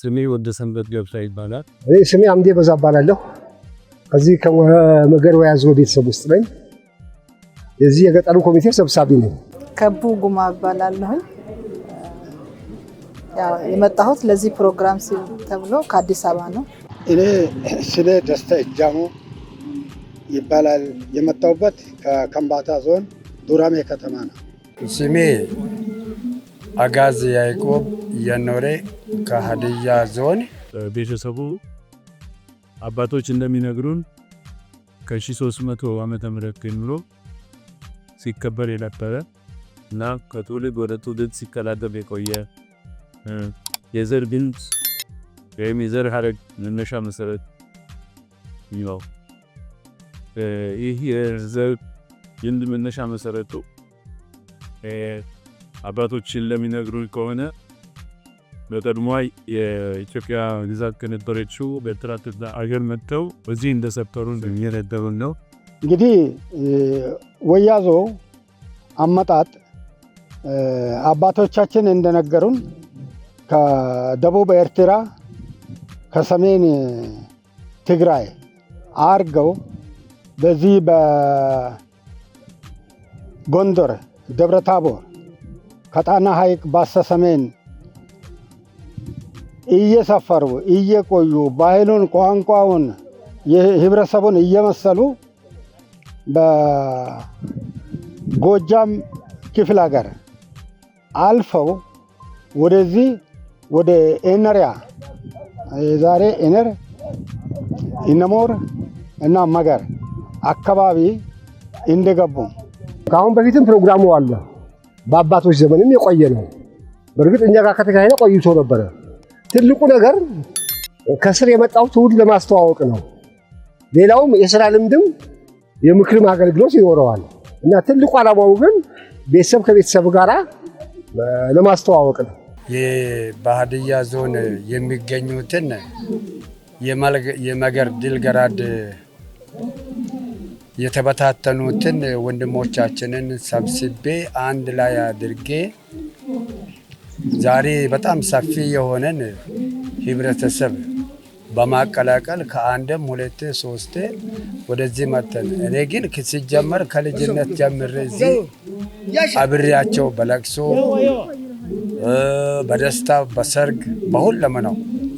ስሜ ወደ ሰንበት ገብሳ ይባላል። ስሜ አምዴ በዛ እባላለሁ። ከዚህ ከመገር ወያዞ ቤተሰብ ውስጥ ነኝ። የዚህ የገጠሩ ኮሚቴ ሰብሳቢ ነኝ። ከቡ ጉማ እባላለሁኝ። የመጣሁት ለዚህ ፕሮግራም ተብሎ ከአዲስ አበባ ነው። እኔ ስለ ደስታ እጃሙ ይባላል። የመጣሁበት ከከምባታ ዞን ዱራሜ ከተማ ነው። ስሜ አጋዝ ያይቆብ የኖሬ ከሀዲያ ዞን ቤተሰቡ አባቶች እንደሚነግሩን ከ1300 ዓመተ ምህረት ጀምሮ ሲከበር የነበረ እና ከትውልድ ወደ ትውልድ ሲቀላጠፍ የቆየ የዘር ግንድ ወይም የዘር ሀረግ መነሻ መሰረት ነው። ይህ የዘር ግንድ መነሻ መሰረቱ አባቶችን ለሚነግሩን ከሆነ በቀድሞ የኢትዮጵያ ግዛት ከነበረችው በኤርትራ አገር መጥተው በዚህ እንደሰፈሩ የሚረደሩ ነው። እንግዲህ ወያዞ አመጣጥ አባቶቻችን እንደነገሩን ከደቡብ ኤርትራ ከሰሜን ትግራይ አርገው በዚህ በጎንደር ደብረ ታቦር ከጣና ሐይቅ ባሰ ሰሜን እየሰፈሩ እየቆዩ ባህሉን፣ ቋንቋውን፣ ህብረተሰቡን እየመሰሉ በጎጃም ክፍለ ሀገር አልፈው ወደዚህ ወደ ኤነሪያ የዛሬ ኤነር እነሞር እና መገር አካባቢ እንደገቡ ከአሁን በፊትም ፕሮግራሙ አለ። በአባቶች ዘመንም የቆየ ነው። በእርግጥ እኛ ጋር ከተካሄደ ቆይቶ ነበረ። ትልቁ ነገር ከስር የመጣው ትውልድ ለማስተዋወቅ ነው። ሌላውም የስራ ልምድም የምክርም አገልግሎት ይኖረዋል እና ትልቁ ዓላማው ግን ቤተሰብ ከቤተሰብ ጋር ለማስተዋወቅ ነው። የባህድያ ዞን የሚገኙትን የመገር ድልገራድ የተበታተኑትን ወንድሞቻችንን ሰብስቤ አንድ ላይ አድርጌ ዛሬ በጣም ሰፊ የሆነን ህብረተሰብ በማቀላቀል ከአንድም ሁለቴ ሶስቴ ወደዚህ መተን እኔ ግን ሲጀመር ከልጅነት ጀምሬ እዚህ አብሬያቸው በለቅሶ በደስታ በሰርግ በሁለም ነው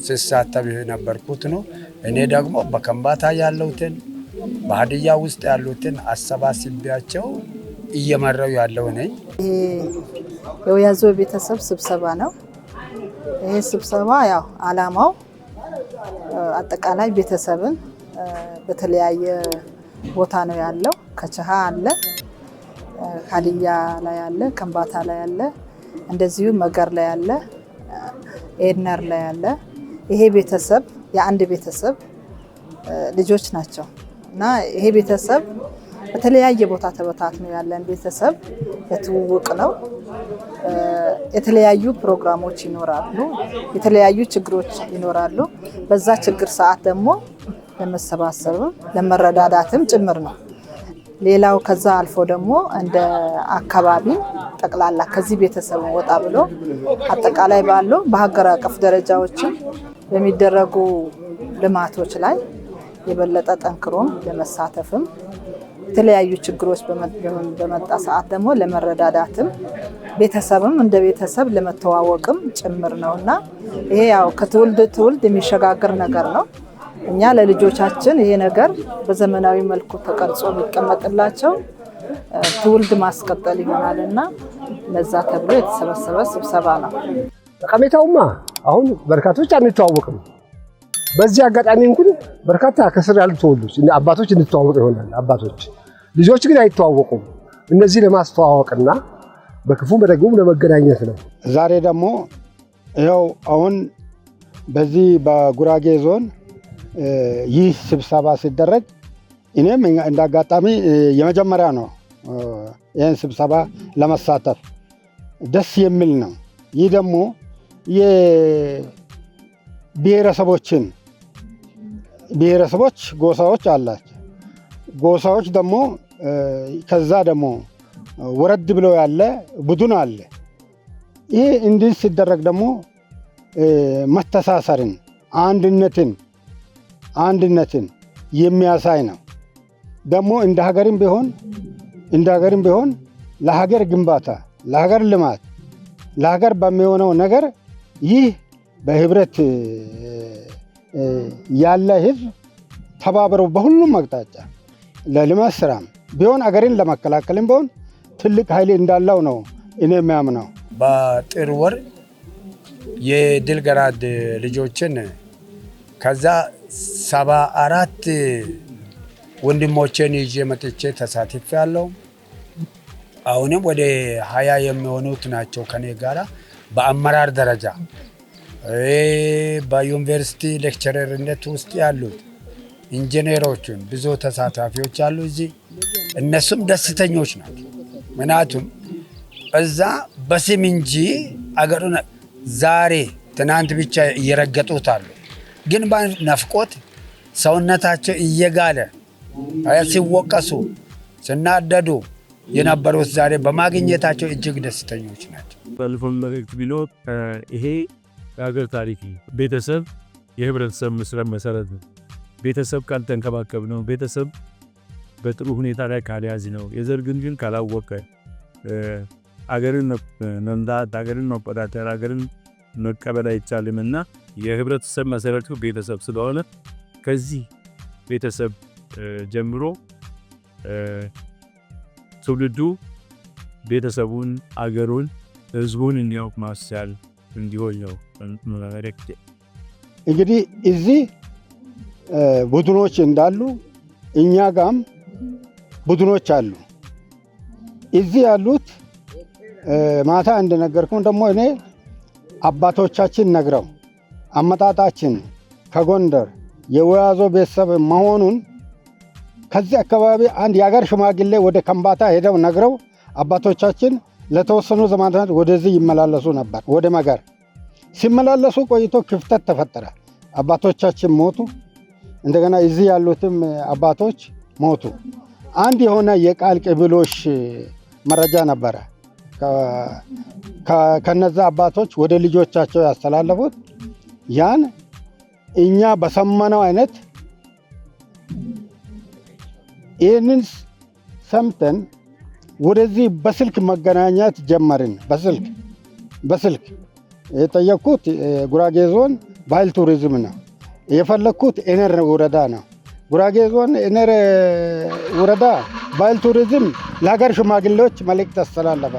ስሳተፍ የነበርኩት ነው። እኔ ደግሞ በከምባታ ያለሁትን በሀዲያ ውስጥ ያሉትን አሰባስቢያቸው እየመራው ያለው ነኝ። የወያዞ ቤተሰብ ስብሰባ ነው። ይሄ ስብሰባ ያው አላማው አጠቃላይ ቤተሰብን በተለያየ ቦታ ነው ያለው። ከችሃ አለ፣ ሀዲያ ላይ አለ፣ ከንባታ ላይ አለ፣ እንደዚሁ መገር ላይ አለ፣ ኤድነር ላይ አለ። ይሄ ቤተሰብ የአንድ ቤተሰብ ልጆች ናቸው እና ይሄ ቤተሰብ በተለያየ ቦታ ነው ያለን ቤተሰብ የትውውቅ ነው። የተለያዩ ፕሮግራሞች ይኖራሉ፣ የተለያዩ ችግሮች ይኖራሉ። በዛ ችግር ሰዓት ደግሞ ለመሰባሰብም ለመረዳዳትም ጭምር ነው። ሌላው ከዛ አልፎ ደግሞ እንደ አካባቢ ጠቅላላ ከዚህ ቤተሰብ ወጣ ብሎ አጠቃላይ ባለው በሀገር አቀፍ ደረጃዎችም በሚደረጉ ልማቶች ላይ የበለጠ ጠንክሮም ለመሳተፍም የተለያዩ ችግሮች በመጣ ሰዓት ደግሞ ለመረዳዳትም ቤተሰብም እንደ ቤተሰብ ለመተዋወቅም ጭምር ነው እና ይሄ ያው ከትውልድ ትውልድ የሚሸጋገር ነገር ነው። እኛ ለልጆቻችን ይሄ ነገር በዘመናዊ መልኩ ተቀርጾ የሚቀመጥላቸው ትውልድ ማስቀጠል ይሆናል እና ለዛ ተብሎ የተሰበሰበ ስብሰባ ነው። ጠቀሜታውማ አሁን በርካቶች አንተዋወቅም። በዚህ አጋጣሚ እንግዲህ በርካታ ከስር ያሉ ተወልዶች አባቶች እንተዋወቅ ይሆናል አባቶች ልጆች ግን አይተዋወቁም። እነዚህ ለማስተዋወቅና በክፉ በደጉም ለመገናኘት ነው። ዛሬ ደግሞ ይኸው አሁን በዚህ በጉራጌ ዞን ይህ ስብሰባ ሲደረግ እኔም እንደ አጋጣሚ የመጀመሪያ ነው ይህን ስብሰባ ለመሳተፍ ደስ የሚል ነው። ይህ ደግሞ የብሔረሰቦችን ብሔረሰቦች ጎሳዎች አላቸው ጎሳዎች ደግሞ ከዛ ደግሞ ወረድ ብለው ያለ ቡድን አለ። ይህ እንዲህ ሲደረግ ደግሞ መተሳሰርን፣ አንድነትን አንድነትን የሚያሳይ ነው። ደግሞ እንደ ሀገርም ቢሆን እንደ ሀገርም ቢሆን ለሀገር ግንባታ፣ ለሀገር ልማት፣ ለሀገር በሚሆነው ነገር ይህ በህብረት ያለ ህዝብ ተባብረው በሁሉም አቅጣጫ ለልማት ስራም ቢሆን አገሬን ለማከላከልም ቢሆን ትልቅ ኃይል እንዳለው ነው እኔ የሚያምነው። በጥር ወር የድል ገራድ ልጆችን ከዛ ሰባ አራት ወንድሞቼን ይዤ መጥቼ ተሳትፍ ያለው አሁንም ወደ ሀያ የሚሆኑት ናቸው ከኔ ጋራ በአመራር ደረጃ በዩኒቨርሲቲ ሌክቸረርነት ውስጥ ያሉት ኢንጂነሮቹን ብዙ ተሳታፊዎች አሉ እዚህ። እነሱም ደስተኞች ናቸው። ምክንያቱም እዛ በስም እንጂ አገሩን ዛሬ ትናንት ብቻ እየረገጡት አሉ። ግን በናፍቆት ሰውነታቸው እየጋለ ሲወቀሱ ስናደዱ የነበሩት ዛሬ በማግኘታቸው እጅግ ደስተኞች ናቸው። ባለፈው መልእክት ቢኖር ይሄ የሀገር ታሪክ ቤተሰብ የህብረተሰብ ምስረት መሰረት ነው። ቤተሰብ ካልተንከባከብ ነው፣ ቤተሰብ በጥሩ ሁኔታ ላይ ካልያዝ ነው፣ የዘር ግንድን ካላወቀ አገርን መምዳት፣ አገርን መቆጣጠር፣ አገርን መቀበል አይቻልም እና የህብረተሰብ መሰረቱ ቤተሰብ ስለሆነ ከዚህ ቤተሰብ ጀምሮ ትውልዱ ቤተሰቡን፣ አገሩን፣ ህዝቡን እንዲያውቅ ማስቻል እንዲሆን ነው። እንግዲህ እዚህ ቡድኖች እንዳሉ እኛ ጋም ቡድኖች አሉ። እዚህ ያሉት ማታ እንደነገርኩን ደግሞ እኔ አባቶቻችን ነግረው አመጣጣችን ከጎንደር የወያዞ ቤተሰብ መሆኑን ከዚህ አካባቢ አንድ የአገር ሽማግሌ ወደ ከምባታ ሄደው ነግረው አባቶቻችን ለተወሰኑ ዘመናት ወደዚህ ይመላለሱ ነበር። ወደ መገር ሲመላለሱ ቆይቶ ክፍተት ተፈጠረ። አባቶቻችን ሞቱ። እንደገና እዚህ ያሉትም አባቶች ሞቱ። አንድ የሆነ የቃል ቅብሎሽ መረጃ ነበረ ከነዛ አባቶች ወደ ልጆቻቸው ያስተላለፉት። ያን እኛ በሰማነው አይነት ይህንን ሰምተን ወደዚህ በስልክ መገናኘት ጀመርን። በስልክ በስልክ የጠየቅኩት ጉራጌ ዞን ባህል ቱሪዝም ነው። የፈለግኩት ኤነር ወረዳ ነው። ጉራጌ ዞን ኤነር ወረዳ ባህል ቱሪዝም ለሀገር ሽማግሌዎች መልእክት አስተላለፈ።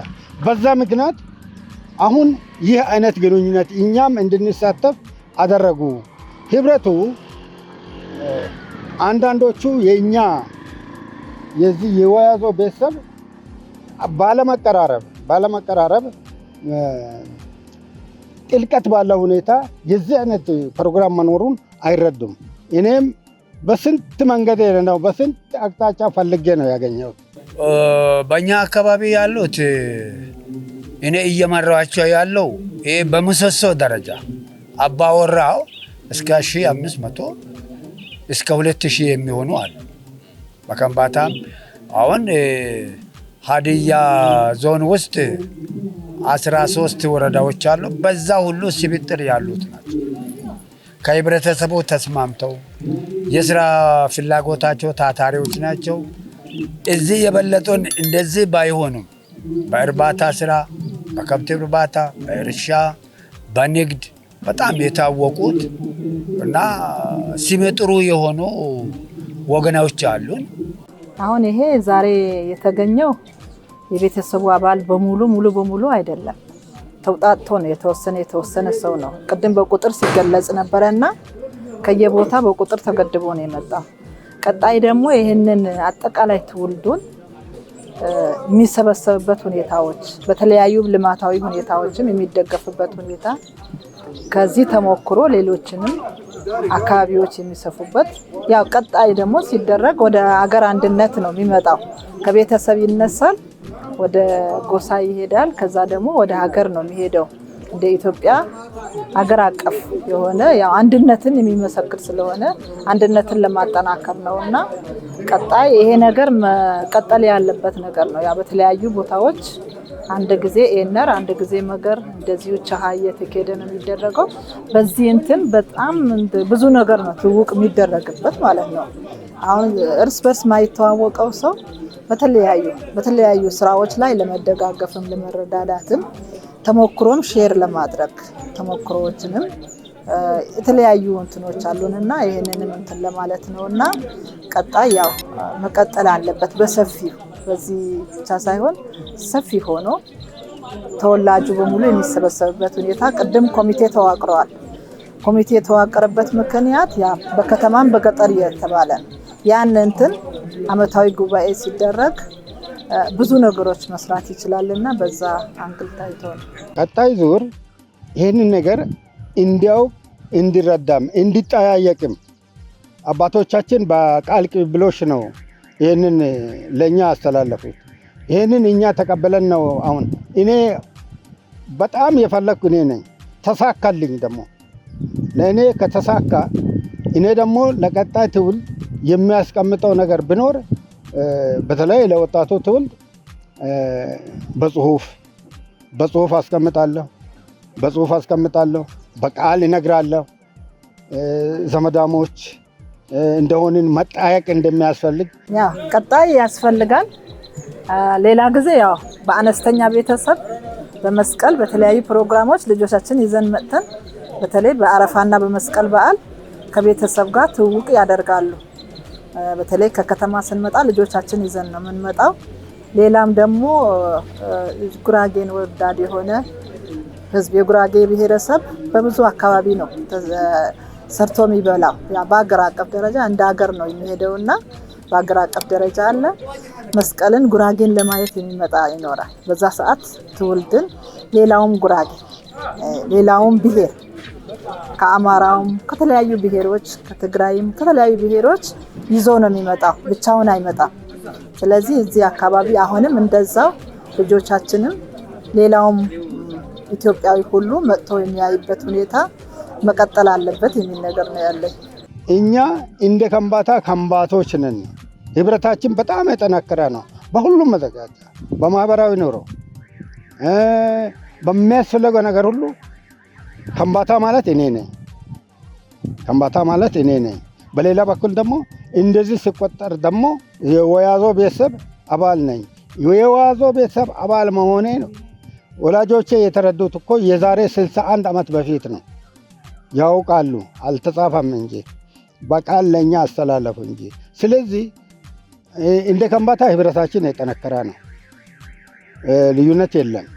በዛ ምክንያት አሁን ይህ አይነት ግንኙነት እኛም እንድንሳተፍ አደረጉ። ህብረቱ አንዳንዶቹ የእኛ የዚህ የወያዞ ቤተሰብ ባለመቀራረብ ባለመቀራረብ ጥልቀት ባለው ሁኔታ የዚህ አይነት ፕሮግራም መኖሩን አይረዱም። እኔም በስንት መንገድ ነው በስንት አቅጣጫ ፈልጌ ነው ያገኘሁት። በእኛ አካባቢ ያሉት እኔ እየመራቸው ያለው ይሄ በምሰሶ ደረጃ አባወራው እስከ 1500 እስከ 2000 የሚሆኑ አሉ። በከንባታም አሁን ሀዲያ ዞን ውስጥ 13 ወረዳዎች አሉ። በዛ ሁሉ ስብጥር ያሉት ናቸው። ከህብረተሰቡ ተስማምተው የስራ ፍላጎታቸው ታታሪዎች ናቸው። እዚህ የበለጠን እንደዚህ ባይሆኑም በእርባታ ስራ፣ በከብት እርባታ፣ በእርሻ፣ በንግድ በጣም የታወቁት እና ሲመጥሩ የሆኑ ወገናዎች አሉን። አሁን ይሄ ዛሬ የተገኘው የቤተሰቡ አባል በሙሉ ሙሉ በሙሉ አይደለም ተውጣቶ ነው የተወሰነ የተወሰነ ሰው ነው። ቅድም በቁጥር ሲገለጽ ነበረ እና ከየቦታ በቁጥር ተገድቦ ነው የመጣው። ቀጣይ ደግሞ ይህንን አጠቃላይ ትውልዱን የሚሰበሰብበት ሁኔታዎች፣ በተለያዩ ልማታዊ ሁኔታዎችም የሚደገፍበት ሁኔታ ከዚህ ተሞክሮ ሌሎችንም አካባቢዎች የሚሰፉበት ያው ቀጣይ ደግሞ ሲደረግ ወደ አገር አንድነት ነው የሚመጣው። ከቤተሰብ ይነሳል፣ ወደ ጎሳ ይሄዳል፣ ከዛ ደግሞ ወደ ሀገር ነው የሚሄደው። እንደ ኢትዮጵያ ሀገር አቀፍ የሆነ ያው አንድነትን የሚመሰክር ስለሆነ አንድነትን ለማጠናከር ነው እና ቀጣይ ይሄ ነገር መቀጠል ያለበት ነገር ነው። ያው በተለያዩ ቦታዎች አንድ ጊዜ ኤነር አንድ ጊዜ መገር እንደዚሁ ቻሃ እየተካሄደ ነው የሚደረገው። በዚህ እንትን በጣም ብዙ ነገር ነው ትውቅ የሚደረግበት ማለት ነው። አሁን እርስ በርስ ማይተዋወቀው ሰው በተለያዩ በተለያዩ ስራዎች ላይ ለመደጋገፍም ለመረዳዳትም ተሞክሮም ሼር ለማድረግ ተሞክሮዎችንም የተለያዩ እንትኖች አሉን እና ይህንንም እንትን ለማለት ነው እና ቀጣይ ያው መቀጠል አለበት በሰፊው በዚህ ብቻ ሳይሆን ሰፊ ሆኖ ተወላጁ በሙሉ የሚሰበሰብበት ሁኔታ ቅድም ኮሚቴ ተዋቅረዋል። ኮሚቴ የተዋቀረበት ምክንያት ያ በከተማም በገጠር የተባለ ያን እንትን አመታዊ ጉባኤ ሲደረግ ብዙ ነገሮች መስራት ይችላልና በዛ አንግል ታይቶ ነው። ቀጣይ ዙር ይህንን ነገር እንዲያው እንዲረዳም እንዲጠያየቅም አባቶቻችን በቃል ቅብብሎሽ ነው ይህንን ለእኛ አስተላለፉ። ይህንን እኛ ተቀበለን ነው አሁን እኔ በጣም የፈለግኩ እኔ ነኝ። ተሳካልኝ ደግሞ ለእኔ ከተሳካ እኔ ደግሞ ለቀጣይ ትውልድ የሚያስቀምጠው ነገር ቢኖር በተለይ ለወጣቱ ትውልድ በጽሁፍ በጽሁፍ አስቀምጣለሁ በጽሁፍ አስቀምጣለሁ፣ በቃል ይነግራለሁ ዘመዳሞች እንደሆንን መጠያየቅ እንደሚያስፈልግ ያ ቀጣይ ያስፈልጋል። ሌላ ጊዜ ያው በአነስተኛ ቤተሰብ በመስቀል በተለያዩ ፕሮግራሞች ልጆቻችን ይዘን መጥተን በተለይ በአረፋና በመስቀል በዓል ከቤተሰብ ጋር ትውውቅ ያደርጋሉ። በተለይ ከከተማ ስንመጣ ልጆቻችን ይዘን ነው የምንመጣው። ሌላም ደግሞ ጉራጌን ወዳድ የሆነ ህዝብ የጉራጌ ብሔረሰብ በብዙ አካባቢ ነው ሰርቶ የሚበላው በሀገር አቀፍ ደረጃ እንደ ሀገር ነው የሚሄደው እና በሀገር አቀፍ ደረጃ አለ። መስቀልን ጉራጌን ለማየት የሚመጣ ይኖራል። በዛ ሰዓት ትውልድን ሌላውም ጉራጌ ሌላውም ብሄር ከአማራውም ከተለያዩ ብሄሮች ከትግራይም ከተለያዩ ብሔሮች ይዞ ነው የሚመጣው፣ ብቻውን አይመጣም። ስለዚህ እዚህ አካባቢ አሁንም እንደዛው ልጆቻችንም ሌላውም ኢትዮጵያዊ ሁሉ መጥቶ የሚያይበት ሁኔታ መቀጠል አለበት የሚል ነገር ነው ያለኝ። እኛ እንደ ከምባታ ከምባቶች ነን። ህብረታችን በጣም የጠናከረ ነው። በሁሉም መዘጋጃ፣ በማህበራዊ ኑሮ፣ በሚያስፈልገው ነገር ሁሉ ከምባታ ማለት እኔ ነኝ። ከምባታ ማለት እኔ ነኝ። በሌላ በኩል ደግሞ እንደዚህ ሲቆጠር ደግሞ የወያዞ ቤተሰብ አባል ነኝ። የወያዞ ቤተሰብ አባል መሆኔ ወላጆቼ የተረዱት እኮ የዛሬ 61 ዓመት በፊት ነው። ያውቃሉ። አልተጻፈም እንጂ በቃል ለእኛ አስተላለፉ እንጂ። ስለዚህ እንደ ከምባታ ህብረታችን የጠነከረ ነው። ልዩነት የለም።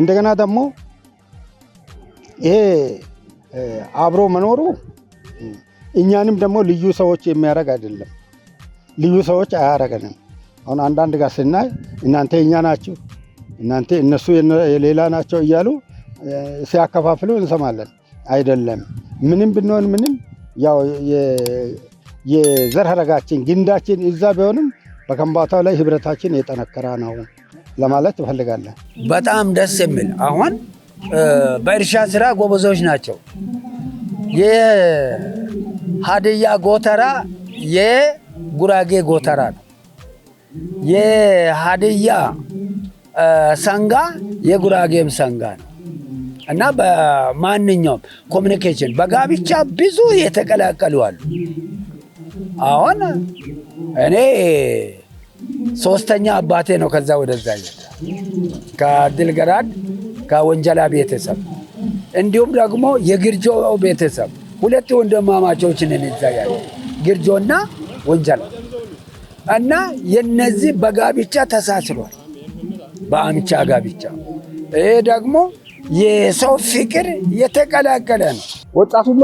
እንደገና ደግሞ ይሄ አብሮ መኖሩ እኛንም ደግሞ ልዩ ሰዎች የሚያደርግ አይደለም። ልዩ ሰዎች አያደርገንም። አሁን አንዳንድ ጋር ስናይ እናንተ የኛ ናችሁ፣ እናንተ እነሱ የሌላ ናቸው እያሉ ሲያከፋፍሉ እንሰማለን። አይደለም። ምንም ብንሆን ምንም ያው የዘር ሀረጋችን ግንዳችን እዛ ቢሆንም በከምባታው ላይ ህብረታችን የጠነከረ ነው ለማለት እፈልጋለን። በጣም ደስ የሚል አሁን በእርሻ ስራ ጎበዞች ናቸው። የሀድያ ጎተራ የጉራጌ ጎተራ ነው። የሀድያ ሰንጋ የጉራጌም ሰንጋ ነው። እና በማንኛውም ኮሚኒኬሽን በጋብቻ ብዙ የተቀላቀሉ አሉ። አሁን እኔ ሶስተኛ አባቴ ነው። ከዛ ወደዛ ከድልገራድ ከወንጀላ ቤተሰብ እንዲሁም ደግሞ የግርጆ ቤተሰብ ሁለት ወንድማማቾችን እንዛያለ ግርጆና ወንጀላ እና የነዚህ በጋብቻ ተሳስሯል። በአምቻ ጋብቻ ይሄ ደግሞ የሰው ፍቅር የተቀላቀለ ነው። ወጣቱማ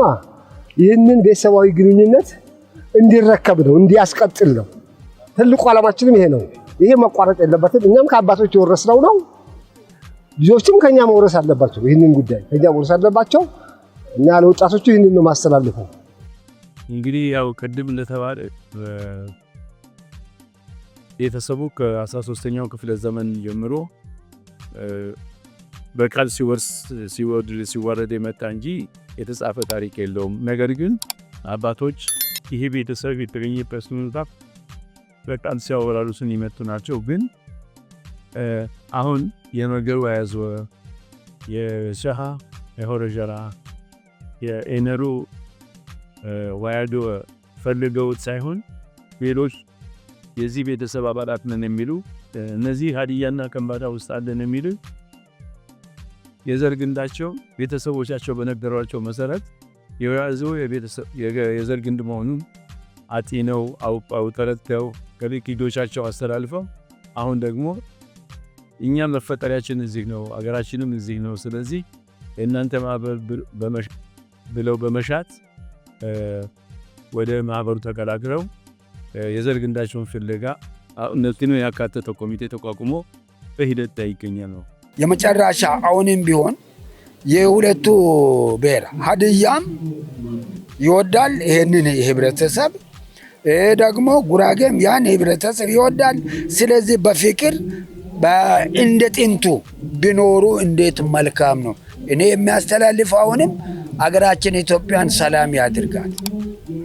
ይህንን ቤተሰባዊ ግንኙነት እንዲረከብ ነው፣ እንዲያስቀጥል ነው። ትልቁ ዓላማችንም ይሄ ነው። ይሄ መቋረጥ የለበትም። እኛም ከአባቶች የወረስነው ነው። ልጆችም ከኛ መውረስ አለባቸው። ይህንን ጉዳይ ከኛ መውረስ አለባቸው እና ለወጣቶቹ ይህንን ነው ማስተላልፈው እንግዲህ ያው ቅድም እንደተባለ ቤተሰቡ ከ13ኛው ክፍለ ዘመን ጀምሮ በቃል ሲወርድ ሲወረድ የመጣ እንጂ የተጻፈ ታሪክ የለውም። ነገር ግን አባቶች ይሄ ቤተሰብ የተገኘበት ሁኔታ በቃል ሲያወራሉትን ይመጡ ናቸው። ግን አሁን የነገሩ አያዝወ የሸሃ የሆረጀራ የኤነሩ ዋያዶ ፈልገውት ሳይሆን ሌሎች የዚህ ቤተሰብ አባላት ነን የሚሉ እነዚህ ሀዲያና ከምባታ ውስጥ አለን የሚሉ የዘር ግንዳቸው ቤተሰቦቻቸው በነገሯቸው መሰረት የያዙ የዘር ግንድ መሆኑን አጢነው አውቀው ተረድተው ከልጆቻቸው አስተላልፈው አሁን ደግሞ እኛ መፈጠሪያችን እዚህ ነው፣ አገራችንም እዚህ ነው፣ ስለዚህ የእናንተ ማህበር ብለው በመሻት ወደ ማህበሩ ተቀላቅለው የዘር ግንዳቸውን ፍለጋ እነዚህን ያካተተው ኮሚቴ ተቋቁሞ በሂደት ላይ ይገኛል ነው። የመጨረሻ አሁንም ቢሆን የሁለቱ ብሔር ሀድያም ይወዳል ይሄንን ህብረተሰብ፣ ደግሞ ጉራጌም ያን ህብረተሰብ ይወዳል። ስለዚህ በፍቅር እንደ ጥንቱ ቢኖሩ እንዴት መልካም ነው። እኔ የሚያስተላልፍ አሁንም አገራችን ኢትዮጵያን ሰላም ያድርጋል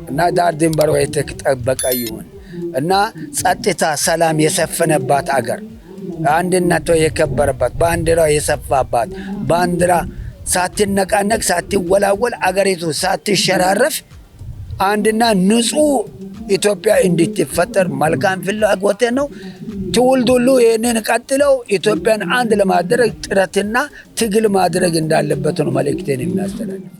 እና ዳር ድንበሯ የተጠበቀ ይሁን እና ጸጥታ፣ ሰላም የሰፈነባት አገር አንድነቷ የከበረባት ባንዲራ የሰፋባት ባንዲራ ሳትነቃነቅ ሳትወላወል አገሪቱ ሳትሸራረፍ አንድና ንጹህ ኢትዮጵያ እንድትፈጠር መልካም ፍላጎቴ ነው። ትውልድ ሁሉ ይህንን ቀጥለው ኢትዮጵያን አንድ ለማድረግ ጥረትና ትግል ማድረግ እንዳለበት ነው መልእክቴን የሚያስተላልፍ።